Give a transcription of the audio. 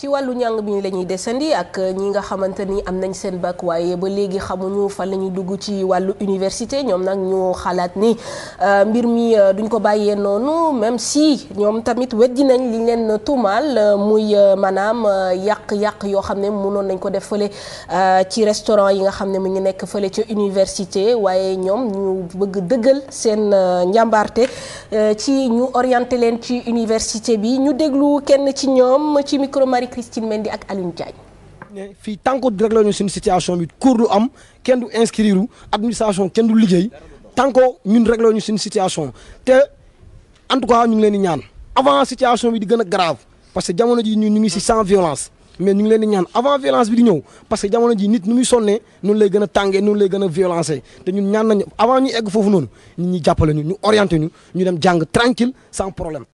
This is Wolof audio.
ci wàllu njàng bi lañuy ñuy desandi ak ñi nga xamante ni am nañ seen bac waaye ba léegi xamuñu fan la ñuy dugg ci wàllu université ñoom nag ñu xalaat ni euh, mbir mi euh, duñ ko bàyyee noonu même si ñoom tamit weddi nañ liñ leen tuumaal euh, muy maanaam yàq-yàq yoo xam ne mënoon nañ ko def fële ci restaurant yi nga xam ne mu ngi nekk fële ca université waaye ñoom ñu bëgg dëggal seen njàmbaarte ci ñu orienté leen ci université bi ñu déglu kenn ci ñoom ci micro Christine Mendy ak Alioune Diagne. fii tant que ñu suñu situation bi cour du am kenn du inscrire administration kenn du liggéey tant que ñun réglé ñu suñu situation te en tout cas ñu ngi leen di ñaan avant situation bi di gën a grave parce que jamono ji ñu ñu ngi si sans violence mais ñu ngi leen di ñaan avant violence bi di ñëw parce que jamono ji nit nu muy sonnee noonu lay gën a tàngee noonu lay gën a te ñun ñaan nañu avant ñu egg foofu noonu nit ñi jàppale ñu ñu orienté ñu ñu dem jàng tranquille sans problème